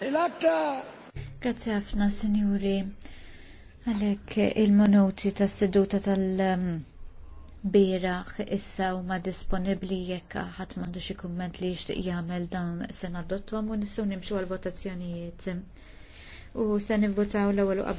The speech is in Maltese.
Il-akta! Grazie ħafna, Sinjuri. Għalek il-minuti tas seduta tal-biraħ um, issa huma disponibbli jekk ħadd mandu xi kumment li jixtieq jagħmel dan sena nadottwhom u nissu nimxu għall-votazzjonijiet. U se nivvotaw l-ewwel qabel